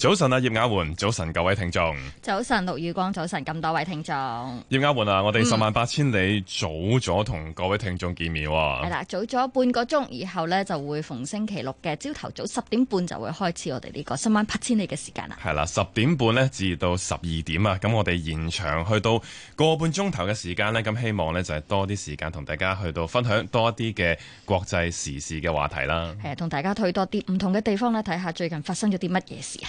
早晨啊，葉雅媛，早晨各位聽眾。早晨，陸宇光，早晨咁多位聽眾。葉雅媛啊，我哋十萬八千里早咗同各位聽眾見面喎。係、嗯、啦，早咗半個鐘以後呢，就會逢星期六嘅朝頭早十點半就會開始我哋呢個十萬八千里嘅時間啦。係啦，十點半呢至到十二點啊，咁我哋延長去到個半鐘頭嘅時間呢，咁希望呢就係多啲時間同大家去到分享多啲嘅國際時事嘅話題啦。係同大家去多啲唔同嘅地方呢，睇下最近發生咗啲乜嘢事啊。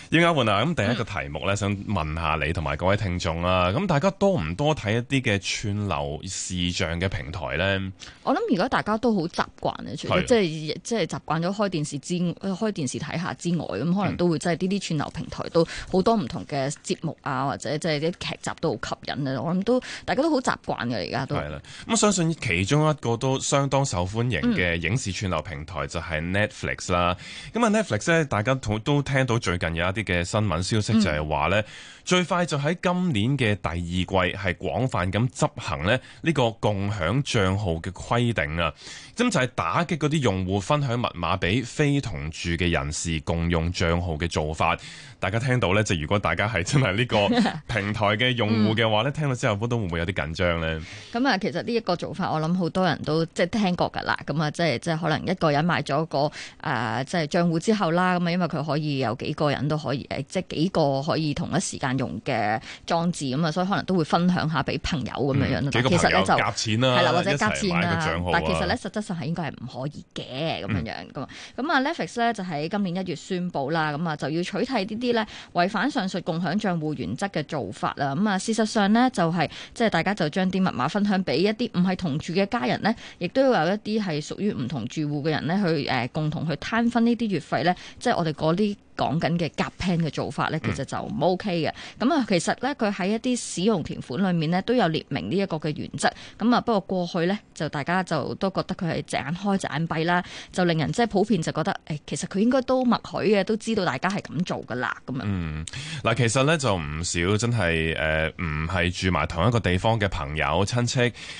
點解換啊？咁第一個題目咧，想問下你同埋各位聽眾啊，咁、嗯、大家多唔多睇一啲嘅串流視像嘅平台咧？我諗如果大家都好習慣咧，除即係即係習慣咗開電視之開電視睇下之外，咁可能都會即係呢啲串流平台都好多唔同嘅節目啊，或者即係啲劇集都好吸引啊！我諗都大家都好習慣嘅而家都。係啦。咁、嗯嗯、相信其中一個都相當受歡迎嘅影視串流平台就係、是、Netflix 啦。咁啊 Netflix 咧，大家好都聽到最近有一啲。嘅新聞消息就係話咧。最快就喺今年嘅第二季是，係廣泛咁執行咧呢個共享賬號嘅規定啊！咁就係打擊嗰啲用戶分享密碼俾非同住嘅人士共用賬號嘅做法。大家聽到咧，就如果大家係真係呢個平台嘅用戶嘅話咧、 嗯，聽到之後都會唔會有啲緊張咧？咁、嗯、啊，其實呢一個做法，我諗好多人都即係聽過㗎啦。咁、嗯、啊，即係即係可能一個人買咗個誒、呃、即係賬戶之後啦，咁啊，因為佢可以有幾個人都可以誒即係幾個可以同一時間。用嘅裝置，咁啊，所以可能都會分享下俾朋友咁樣樣，其實咧就係啦，或者夾錢啦，但其實咧、啊啊啊、實、實質上係應該係唔可以嘅，咁、嗯、樣樣噶。咁啊，Netflix 咧就喺今年一月宣布啦，咁啊就要取締呢啲咧違反上述共享帳戶原則嘅做法啦。咁啊，事實上呢，就係、是、即係大家就將啲密碼分享俾一啲唔係同住嘅家人呢，亦都要有一啲係屬於唔同住戶嘅人呢，去誒、呃、共同去攤分呢啲月費咧，即係我哋嗰啲。講緊嘅夾 plan 嘅做法呢、嗯，其實就唔 OK 嘅。咁啊，其實呢，佢喺一啲使用條款裏面呢，都有列明呢一個嘅原則。咁啊，不過過去呢，就大家就都覺得佢係隻眼開隻眼閉啦，就令人即係普遍就覺得、欸、其實佢應該都默許嘅，都知道大家係咁做㗎啦。咁啊，嗯，嗱，其實呢，就唔少真係唔係住埋同一個地方嘅朋友親戚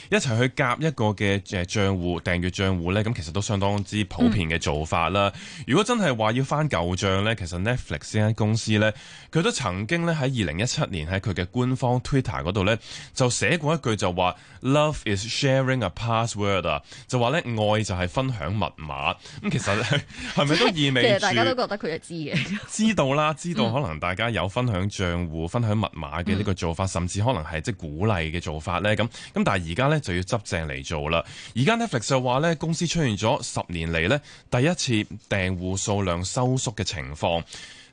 一齊去夾一個嘅誒賬戶訂閱賬戶呢。咁其實都相當之普遍嘅做法啦、嗯。如果真係話要翻舊賬呢。其實 Netflix 呢間公司咧，佢都曾經咧喺二零一七年喺佢嘅官方 Twitter 嗰度咧，就寫過一句就話 Love is sharing a password 啊，就話咧愛就係分享密碼。咁 其實係咪都意味住？其實大家都覺得佢係知嘅。 知道啦，知道可能大家有分享賬戶、嗯、分享密碼嘅呢個做法，甚至可能係即係鼓勵嘅做法咧。咁、嗯、咁，但係而家咧就要執正嚟做啦。而家 Netflix 就話咧，公司出現咗十年嚟咧第一次訂戶數量收縮嘅情況。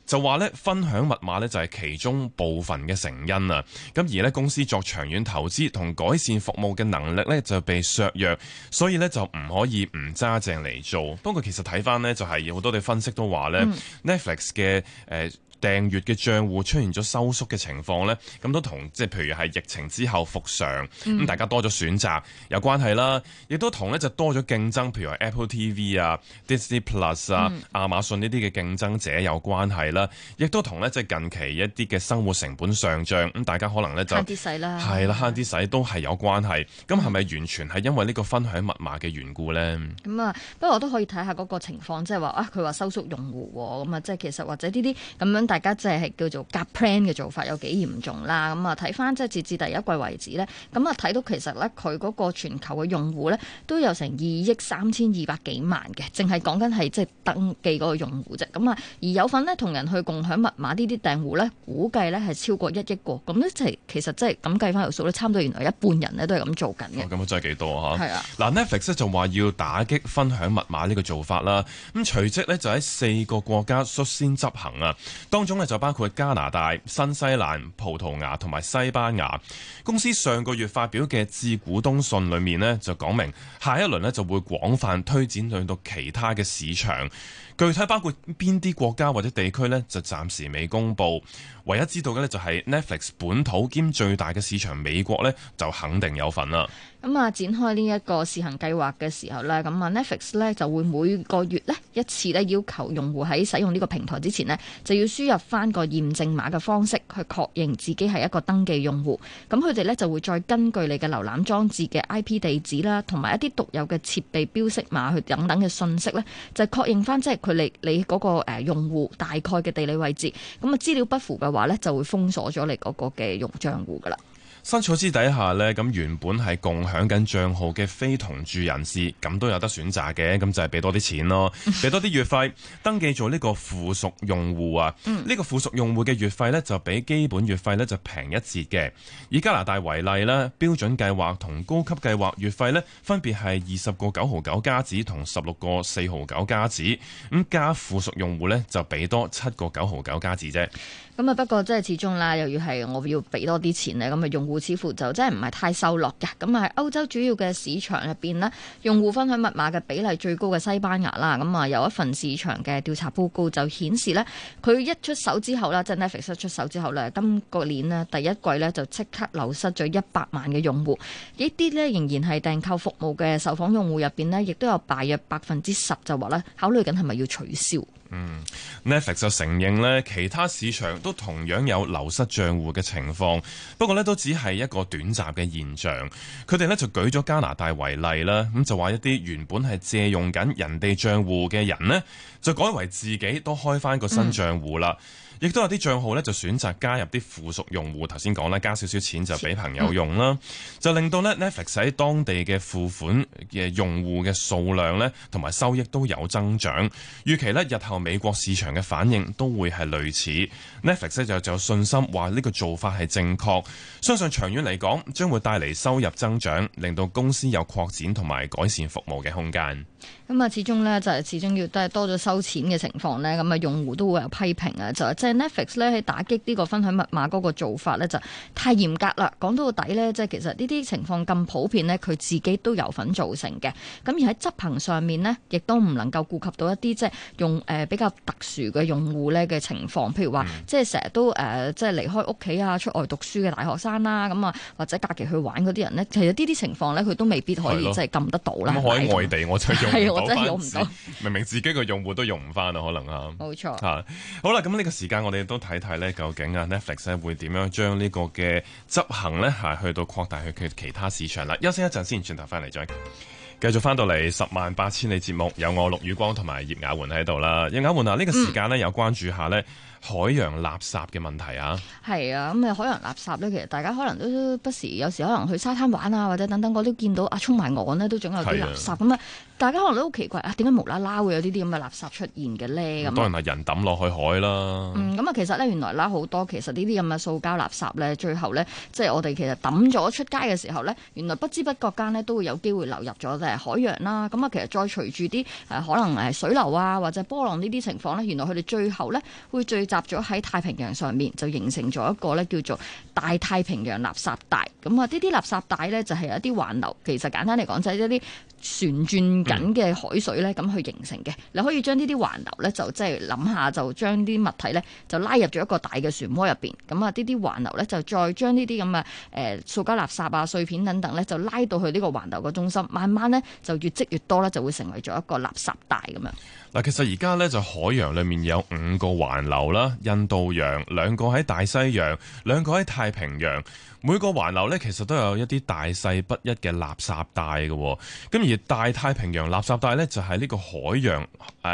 就話咧，分享密碼咧就係其中部分嘅成因啦，咁而呢公司作長遠投資同改善服務嘅能力咧就被削弱，所以咧就唔可以唔揸正嚟做。不過其實睇翻呢，就係好多嘅分析都話呢 Netflix 嘅誒。呃訂閱嘅帳戶出現咗收縮嘅情況呢咁都同即係譬如係疫情之後復常，咁、嗯、大家多咗選擇有關係啦，亦都同呢，就多咗競爭，譬如話 Apple TV 啊、Disney Plus 啊、嗯、亞馬遜呢啲嘅競爭者有關係啦，亦都同呢，即係近期一啲嘅生活成本上漲，咁大家可能呢，就係啦，慳啲使都係有關係。咁係咪完全係因為呢個分享密碼嘅緣故呢？咁啊，不過我都可以睇下嗰個情況，即係話啊，佢話收縮用戶，咁啊，即係其實或者呢啲咁樣。大家即係叫做夾 plan 嘅做法有幾嚴重啦？咁啊，睇翻即係截至第一季為止呢。咁啊，睇到其實呢，佢嗰個全球嘅用戶呢，都有成二億三千二百幾萬嘅，淨係講緊係即係登記嗰個用戶啫。咁啊，而有份呢同人去共享密碼呢啲訂戶呢，估計呢係超過一億個。咁呢，即係其實即係咁計翻條數呢，差唔多原來一半人呢都係咁做緊嘅。咁、哦、啊真係幾多啊？嚇，係啊。嗱 Netflix 咧就話要打擊分享密碼呢個做法啦。咁隨即呢，就喺四個國家率先執行啊。當中咧就包括加拿大、新西蘭、葡萄牙同埋西班牙。公司上個月發表嘅致股東信裏面呢，就講明，下一輪呢就會廣泛推展去到其他嘅市場。具體包括邊啲國家或者地區呢就暫時未公布。唯一知道嘅呢，就係 Netflix 本土兼最大嘅市場美國呢就肯定有份啦。咁啊，展開呢一個試行計劃嘅時候呢，咁啊 Netflix 呢就會每個月呢一次呢要求用戶喺使用呢個平台之前呢，就要輸入翻個驗證碼嘅方式去確認自己係一個登記用戶。咁佢哋呢就會再根據你嘅瀏覽裝置嘅 IP 地址啦，同埋一啲獨有嘅設備標識碼去等等嘅信息呢，就確認翻即係。佢你你嗰個誒用戶大概嘅地理位置，咁啊資料不符嘅話咧，就會封鎖咗你嗰個嘅用賬戶噶啦。新措施底下咧，咁原本係共享緊賬號嘅非同住人士，咁都有得選擇嘅，咁就係俾多啲錢咯，俾多啲月費 登記做呢個附屬用戶啊。呢、嗯這個附屬用戶嘅月費咧，就比基本月費咧就平一截嘅。以加拿大為例啦，標準計劃同高級計劃月費咧分別係二十個九毫九加子同十六個四毫九加子，咁加附屬用戶咧就俾多七個九毫九加子啫。咁啊不，不過即係始終啦，又要係我要俾多啲錢咧，咁啊用戶。似乎就真係唔係太受落嘅咁啊。歐洲主要嘅市場入邊咧，用戶分享密碼嘅比例最高嘅西班牙啦，咁啊有一份市場嘅調查報告就顯示呢，佢一出手之後咧，即係 Netflix 一出手之後咧，今個年咧第一季呢就即刻流失咗一百萬嘅用戶。這些呢啲呢仍然係訂購服務嘅受訪用戶入邊呢，亦都有大約百分之十就話咧考慮緊係咪要取消。嗯，Netflix 就承認咧，其他市場都同樣有流失賬戶嘅情況，不過咧都只係一個短暫嘅現象。佢哋咧就舉咗加拿大為例啦，咁就話一啲原本係借用緊人哋賬戶嘅人呢就改為自己都開翻個新賬戶啦。嗯亦都有啲帳號咧就選擇加入啲附屬用戶，頭先講啦，加少少錢就俾朋友用啦，就令到咧 Netflix 喺當地嘅付款嘅用戶嘅數量呢同埋收益都有增長。預期呢，日後美國市場嘅反應都會係類似 Netflix。就就有信心話呢個做法係正確，相信長遠嚟講將會帶嚟收入增長，令到公司有擴展同埋改善服務嘅空間。咁啊，始終呢，就係、是、始終要都係多咗收錢嘅情況呢。咁啊用戶都會有批評啊，就係 Netflix 咧去打擊呢個分享密碼嗰個做法咧就太嚴格啦。講到底咧，即係其實呢啲情況咁普遍咧，佢自己都有份造成嘅。咁而喺執行上面咧，亦都唔能夠顧及到一啲即係用誒比較特殊嘅用戶咧嘅情況，譬如話、嗯、即係成日都誒即係離開屋企啊，出外讀書嘅大學生啦，咁啊或者假期去玩嗰啲人咧，其實呢啲情況咧佢都未必可以即係禁得到啦。咁喺外地我就用唔到，真係用唔到 明明自己嘅用戶都用唔翻啊，可能啊。冇錯。啊、好啦，咁呢個時間。我哋都睇睇咧，究竟啊 Netflix 咧，會點樣將呢個嘅執行咧，係去到擴大去其其他市場啦。休息一陣先，轉頭翻嚟，再繼續翻到嚟《十萬八千里》節目，有我陸宇光同埋葉雅媛喺度啦。葉雅媛啊，呢個時間咧有關注下咧。海洋垃圾嘅問題啊，係啊，咁啊海洋垃圾咧，其實大家可能都不時有時可能去沙灘玩啊，或者等等我都見到啊，沖埋岸咧都總有啲垃圾咁啊。大家可能都好奇怪啊，點解無啦啦會有呢啲咁嘅垃圾出現嘅咧？咁當然係人抌落去海啦。嗯，咁啊其實咧原來啦好多其實呢啲咁嘅塑膠垃圾咧，最後咧即係我哋其實抌咗出街嘅時候咧，原來不知不覺間咧都會有機會流入咗誒海洋啦。咁啊其實再隨住啲誒可能誒水流啊或者波浪呢啲情況咧，原來佢哋最後咧會最集咗喺太平洋上面，就形成咗一個咧叫做大太平洋垃圾帶。咁啊，呢啲垃圾帶咧就係一啲環流。其實簡單嚟講，就係一啲。旋轉緊嘅海水呢，咁去形成嘅，你可以將呢啲環流呢，就即係諗下，就將啲物體呢，就拉入咗一個大嘅漩渦入邊。咁啊，呢啲環流呢，就再將呢啲咁嘅誒塑膠垃圾啊、碎片等等呢，就拉到去呢個環流個中心，慢慢呢，就越積越多啦，就會成為咗一個垃圾帶咁樣。嗱，其實而家呢，就海洋裏面有五個環流啦，印度洋，兩個喺大西洋，兩個喺太平洋。每個環流呢，其實都有一啲大細不一嘅垃圾帶嘅。咁而大太平洋垃圾帶呢，就係呢個海洋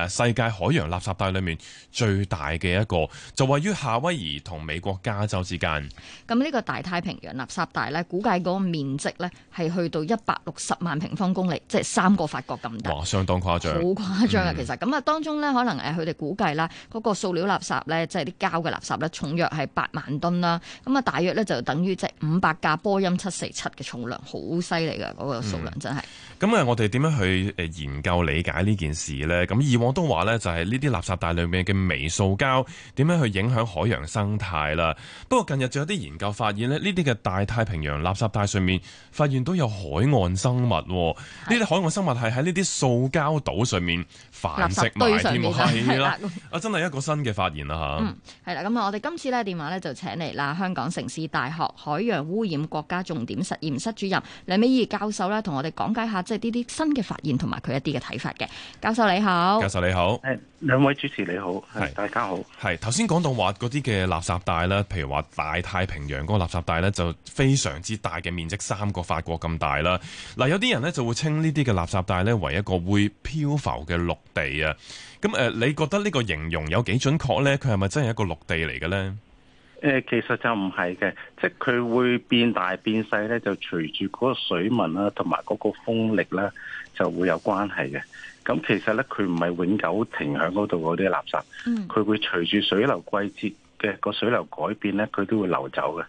誒世界海洋垃圾帶裏面最大嘅一個，就位於夏威夷同美國加州之間。咁呢個大太平洋垃圾帶呢，估計嗰個面積呢係去到一百六十萬平方公里，即係三個法國咁大。哇！相當誇張，好誇張啊！其實咁啊，嗯、當中呢，可能誒佢哋估計啦，嗰個塑料垃圾呢，即係啲膠嘅垃圾呢，重約係八萬噸啦。咁啊，大約呢，就等於即係。五百架波音七四七嘅重量好犀利噶，嗰個數量真係。咁啊，我哋點樣去誒研究理解呢件事咧？咁以往都話咧，就係呢啲垃圾帶裏面嘅微塑膠點樣去影響海洋生態啦。不過近日仲有啲研究發現咧，呢啲嘅大太平洋垃圾帶上面發現都有海岸生物，呢啲海岸生物係喺呢啲塑膠島上面繁殖埋添喎。係啦，啊真係一個新嘅發現啦吓，嗯，係啦。咁啊，我哋今次咧電話咧就請嚟啦，香港城市大學海。海洋污染國家重點實驗室主任梁美儀教授咧，同我哋講解下即係呢啲新嘅發現同埋佢一啲嘅睇法嘅。教授你好，教授你好，兩位主持你好，係大家好。係頭先講到話嗰啲嘅垃圾帶啦，譬如話大太平洋嗰個垃圾帶咧，就非常之大嘅面積，三個法國咁大啦。嗱，有啲人咧就會稱呢啲嘅垃圾帶咧為一個會漂浮嘅陸地啊。咁誒，你覺得呢個形容有幾準確咧？佢係咪真係一個陸地嚟嘅咧？誒其實就唔係嘅，即係佢會變大變細咧，就隨住嗰個水文啦，同埋嗰個風力咧，就會有關係嘅。咁其實咧，佢唔係永久停喺嗰度嗰啲垃圾，佢會隨住水流季節嘅個水流改變咧，佢都會流走嘅。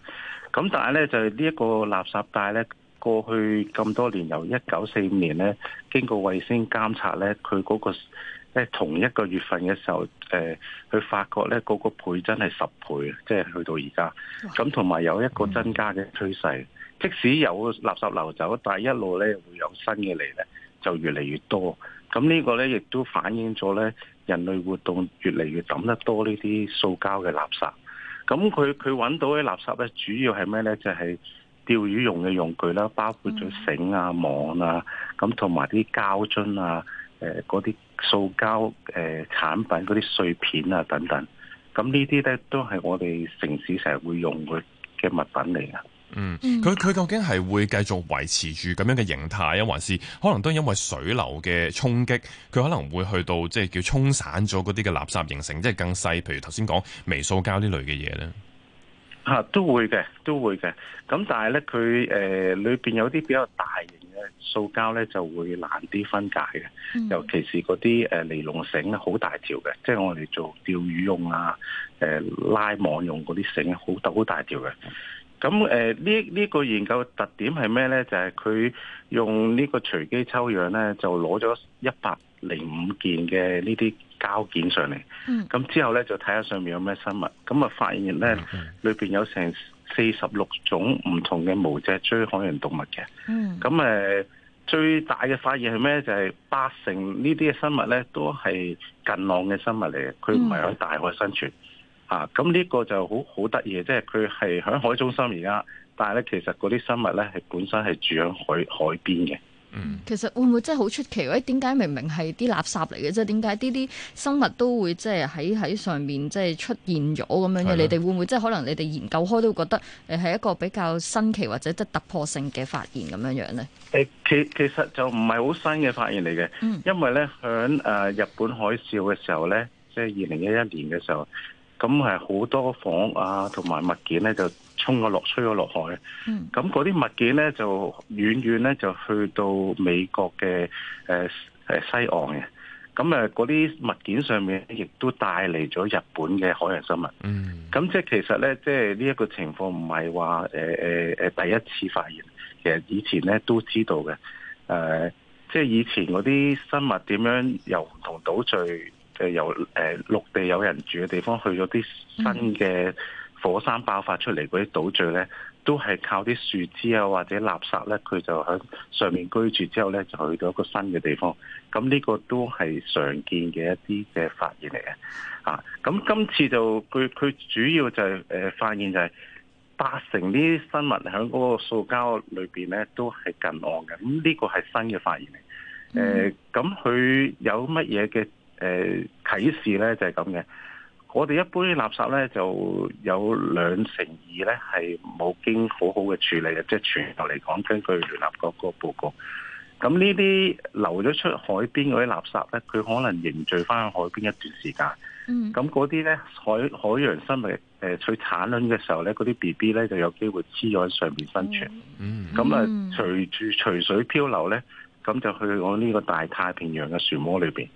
咁但係咧，就係呢一個垃圾帶咧，過去咁多年，由一九四五年咧，經過衛星監察咧，佢嗰個。喺同一個月份嘅時候，誒、呃，去發覺咧，嗰個，個倍真係十倍，即、就、係、是、去到而家。咁同埋有一個增加嘅趨勢，即使有垃圾流走，但係一路咧會有新嘅嚟咧，就越嚟越多。咁呢個咧亦都反映咗咧，人類活動越嚟越抌得多呢啲塑膠嘅垃圾。咁佢佢揾到嘅垃圾咧，主要係咩咧？就係、是、釣魚用嘅用具啦，包括咗繩啊、網啊，咁同埋啲膠樽啊。誒、呃、嗰啲塑膠誒、呃、產品嗰啲碎片啊，等等，咁呢啲咧都係我哋城市成日會用嘅嘅物品嚟噶。嗯，佢佢究竟係會繼續維持住咁樣嘅形態啊，還是可能都因為水流嘅衝擊，佢可能會去到即係叫衝散咗嗰啲嘅垃圾，形成即係更細，譬如頭先講微塑膠呢類嘅嘢咧？吓、啊，都會嘅，都會嘅。咁但係咧，佢誒、呃、裏邊有啲比較大嘅。塑膠咧就會難啲分解嘅，尤其是嗰啲誒尼龍繩好大條嘅，即係我哋做釣魚用啊，誒拉網用嗰啲繩好好大條嘅。咁誒呢呢個研究特點係咩咧？就係、是、佢用呢個隨機抽樣咧，就攞咗一百零五件嘅呢啲膠件上嚟。咁之後咧就睇下上面有咩生物，咁啊發現咧裏邊有成，四十六種唔同嘅無脊椎海洋動物嘅，咁、mm. 誒、呃，最大嘅發現係咩？就係、是、八成呢啲嘅生物咧，都係近岸嘅生物嚟嘅，佢唔係喺大海生存、mm. 啊！咁呢個就好好得意，即係佢係響海中心而家，但係咧其實嗰啲生物咧係本身係住響海海邊嘅。嗯，其實會唔會真係好出奇？喂，點解明明係啲垃圾嚟嘅即係，點解啲啲生物都會即係喺喺上面即係出現咗咁樣嘅？你哋會唔會即係可能你哋研究開都會覺得誒係一個比較新奇或者即係突破性嘅發現咁樣樣咧？誒，其其實就唔係好新嘅發現嚟嘅，嗯，因為咧響誒日本海嘯嘅時候咧，即係二零一一年嘅時候。就是2011年的時候咁係好多房屋啊，同埋物件咧就沖咗落、吹咗落海。咁嗰啲物件咧就遠遠咧就去到美國嘅西岸嘅。咁嗰啲物件上面亦都帶嚟咗日本嘅海洋生物。咁、嗯、即係其實咧，即係呢一個情況唔係話第一次發現，其實以前咧都知道嘅、呃。即係以前嗰啲生物點樣由唔同島嶼，誒，由誒，陸地有人住嘅地方，去咗啲新嘅火山爆發出嚟嗰啲島嶼咧，都係靠啲樹枝啊或者垃圾咧，佢就喺上面居住之後咧，就去到一個新嘅地方。咁呢個都係常見嘅一啲嘅發現嚟嘅。啊，咁今次就佢佢主要就係誒發現就係八成呢啲生物喺嗰個塑膠裏邊咧都係近岸嘅。咁呢個係新嘅發現嚟。誒，咁佢有乜嘢嘅？誒、呃，啟示咧就係咁嘅。我哋一般垃圾咧就有兩成二咧係冇經好好嘅處理嘅，即係全球嚟講，根據聯合國個報告。咁呢啲流咗出海邊嗰啲垃圾咧，佢可能凝聚翻去海邊一段時間。咁嗰啲咧海海洋生物誒取，呃、產卵嘅時候咧，嗰啲 B B 咧就有機會黐咗喺上面生存。咁、嗯、啊，隨住隨水漂流咧，咁就去我呢個大太平洋嘅漩渦裏邊。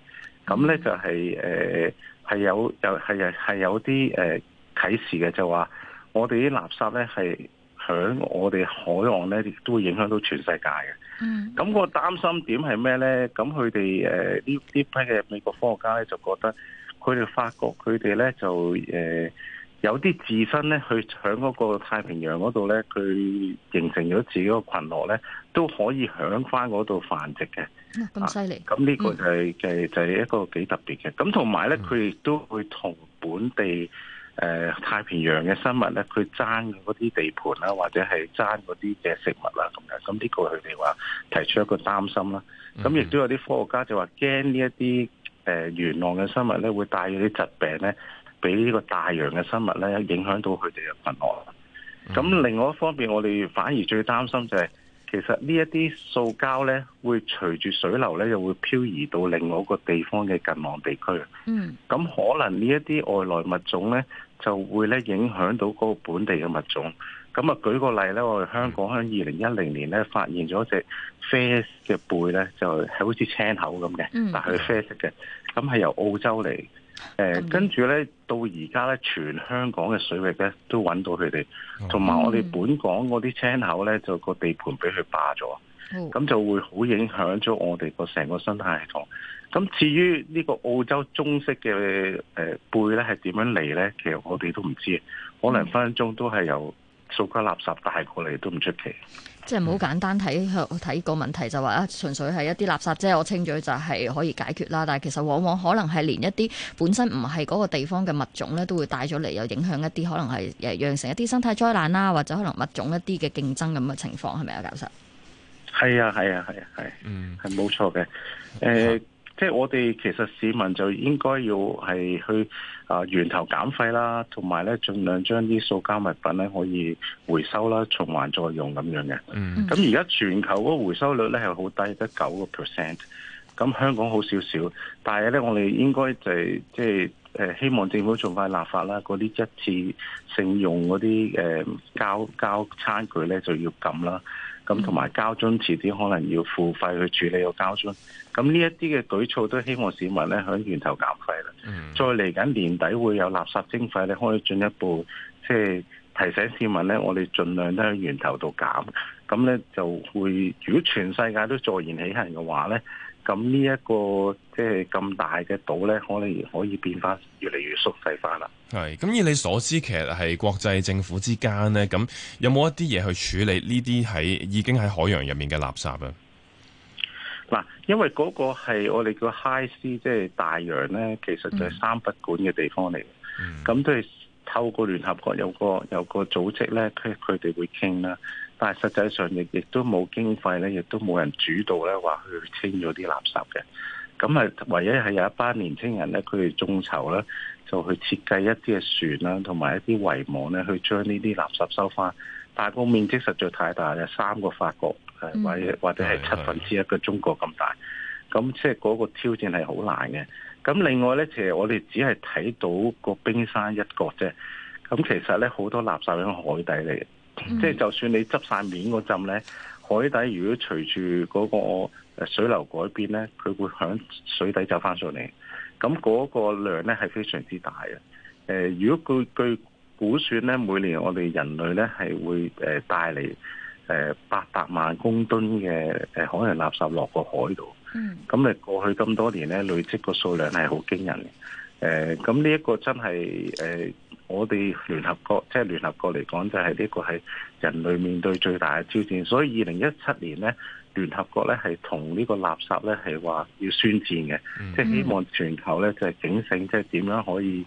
咁咧就係、誒、係有係啊係有啲誒啟示嘅，就話、是、我哋啲垃圾咧係響我哋海岸咧，亦都會影響到全世界嘅。嗯，咁個擔心點係咩咧？咁佢哋誒呢呢批嘅美國科學家咧，就覺得佢哋發覺佢哋咧就誒。呃有啲自身咧，去喺嗰個太平洋嗰度咧，佢形成咗自己個群落咧，都可以響翻嗰度繁殖嘅。咁犀利！咁、啊、呢個就係就係一個幾特別嘅。咁同埋咧，佢亦都會同本地誒、呃、太平洋嘅生物咧，佢爭嗰啲地盤啦，或者係爭嗰啲嘅食物啊，咁樣。咁呢個佢哋話提出一個擔心啦。咁亦都有啲科學家就話驚呢一啲誒元朗嘅生物咧，會帶嚟啲疾病咧。俾呢個大洋嘅生物咧，影響到佢哋嘅存活。咁另外一方面，我哋反而最擔心就係，其實呢一啲塑膠咧，會隨住水流咧，又會漂移到另外一個地方嘅近岸地區。嗯。咁可能呢一啲外來物種咧，就會咧影響到嗰個本地嘅物種。咁啊，舉個例咧，我哋香港喺二零一零年咧，發現咗隻啡嘅貝咧，就係、是、好似青口咁嘅、嗯，但係啡色嘅，咁係由澳洲嚟。誒、嗯，跟住咧，到而家咧，全香港嘅水域咧都揾到佢哋，同埋我哋本港嗰啲青口咧，就個地盤俾佢霸咗，咁、嗯、就會好影響咗我哋個成個生態系統。咁至於呢個澳洲中式嘅誒貝咧，係點樣嚟咧？其實我哋都唔知、嗯，可能分分鐘都係由塑膠垃圾帶過嚟，都唔出奇。即係唔好簡單睇睇個問題，就話啊，純粹係一啲垃圾啫。我清咗就係可以解決啦。但係其實往往可能係連一啲本身唔係嗰個地方嘅物種咧，都會帶咗嚟，又影響一啲可能係誒，釀成一啲生態災難啦，或者可能物種一啲嘅競爭咁嘅情況，係咪啊，教授？係啊，係啊，係啊，係，嗯，係、呃、冇錯嘅，誒。即係我哋其實市民就應該要係去啊源頭減廢啦，同埋咧盡量將啲塑膠物品咧可以回收啦，循環再用咁樣嘅。嗯，咁而家全球嗰回收率咧係好低，得九個 percent。咁香港好少少，但係咧我哋應該就係即係誒希望政府盡快立法啦。嗰啲一次性用嗰啲誒膠膠餐具咧就要禁啦。咁同埋膠樽遲啲，可能要付費去處理個膠樽。咁呢一啲嘅舉措都希望市民咧喺源頭減廢啦、嗯。再嚟緊年底會有垃圾徵費，你可以進一步即係提醒市民咧，我哋盡量都喺源頭度減。咁咧就會，如果全世界都坐言起行嘅話咧。咁、這個就是、呢一個即係咁大嘅島咧，可能可以變翻越嚟越縮細化啦。係，咁以你所知，其實係國際政府之間咧，咁有冇一啲嘢去處理呢啲喺已經喺海洋入面嘅垃圾啊？嗱，因為嗰個係我哋叫「High Sea」，即係大洋咧，其實就係三不管嘅地方嚟，咁、嗯、都係。透過聯合國有個有個組織咧，佢佢哋會傾啦，但係實際上亦亦都冇經費咧，亦都冇人主導咧，話去清咗啲垃圾嘅。咁啊，唯一係有一班年青人咧，佢哋眾籌呢，就去設計一啲嘅船啦，同埋一啲圍網咧，去將呢啲垃圾收翻。但係個面積實在太大啦，有三個法國，嗯、或者或者係七分之一嘅中國咁大，咁即係嗰個挑戰係好難嘅。咁另外咧，其實我哋只係睇到個冰山一角啫。咁其實咧，好多垃圾喺海底嚟嘅，即、嗯、係就算你執晒面嗰陣咧，海底如果隨住嗰個水流改變咧，佢會喺水底走返上嚟。咁嗰個量咧係非常之大嘅、呃。如果據據估算咧，每年我哋人類咧係會誒帶嚟誒八百萬公噸嘅誒海洋垃圾落個海度。嗯，咁咪過去咁多年咧，累積個數量係好驚人嘅。誒，咁呢一個真係誒、呃，我哋聯合國即係聯合國嚟講，就係呢個係人類面對最大嘅挑戰。所以二零一七年咧，聯合國咧係同呢個垃圾咧係話要宣戰嘅，即、嗯、係、就是、希望全球咧就係、是、警醒，即係點樣可以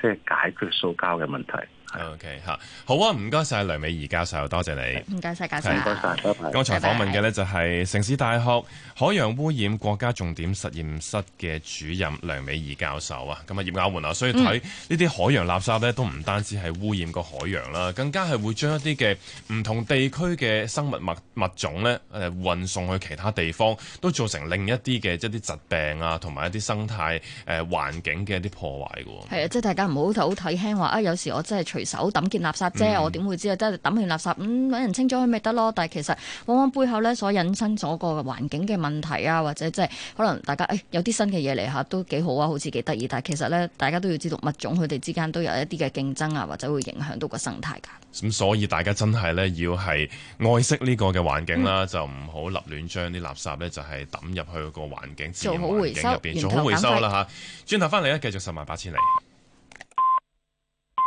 即係解決塑膠嘅問題。O.K. 吓，好啊！唔該晒梁美儀教授，多謝你。唔該晒。教授，唔該曬，剛才訪問嘅呢就係城市大學海洋污染國家重點實驗室嘅主任梁美儀教授啊。咁啊，葉教授啊，所以睇呢啲海洋垃圾呢都唔單止係污染個海洋啦、嗯，更加係會將一啲嘅唔同地區嘅生物物物種呢運送去其他地方，都造成另一啲嘅一啲疾病啊，同埋一啲生態誒環境嘅一啲破壞嘅喎。係啊，即係大家唔好睇好睇輕話啊！有時我真係隨手抌件垃圾啫、嗯，我點會知啊？即係抌完垃圾，咁、嗯、揾人清咗佢咪得咯？但係其實往往背後咧所引申咗個環境嘅問題啊，或者即係可能大家誒、哎、有啲新嘅嘢嚟嚇都幾好啊，好似幾得意。但係其實咧，大家都要知道物種佢哋之間都有一啲嘅競爭啊，或者會影響到個生態噶。咁、嗯、所以大家真係咧要係愛惜呢個嘅環境啦，就唔好立亂將啲垃圾咧就係抌入去個環境自然、嗯、環境入邊，做好回收啦吓，轉頭翻嚟咧，繼續十萬八千里。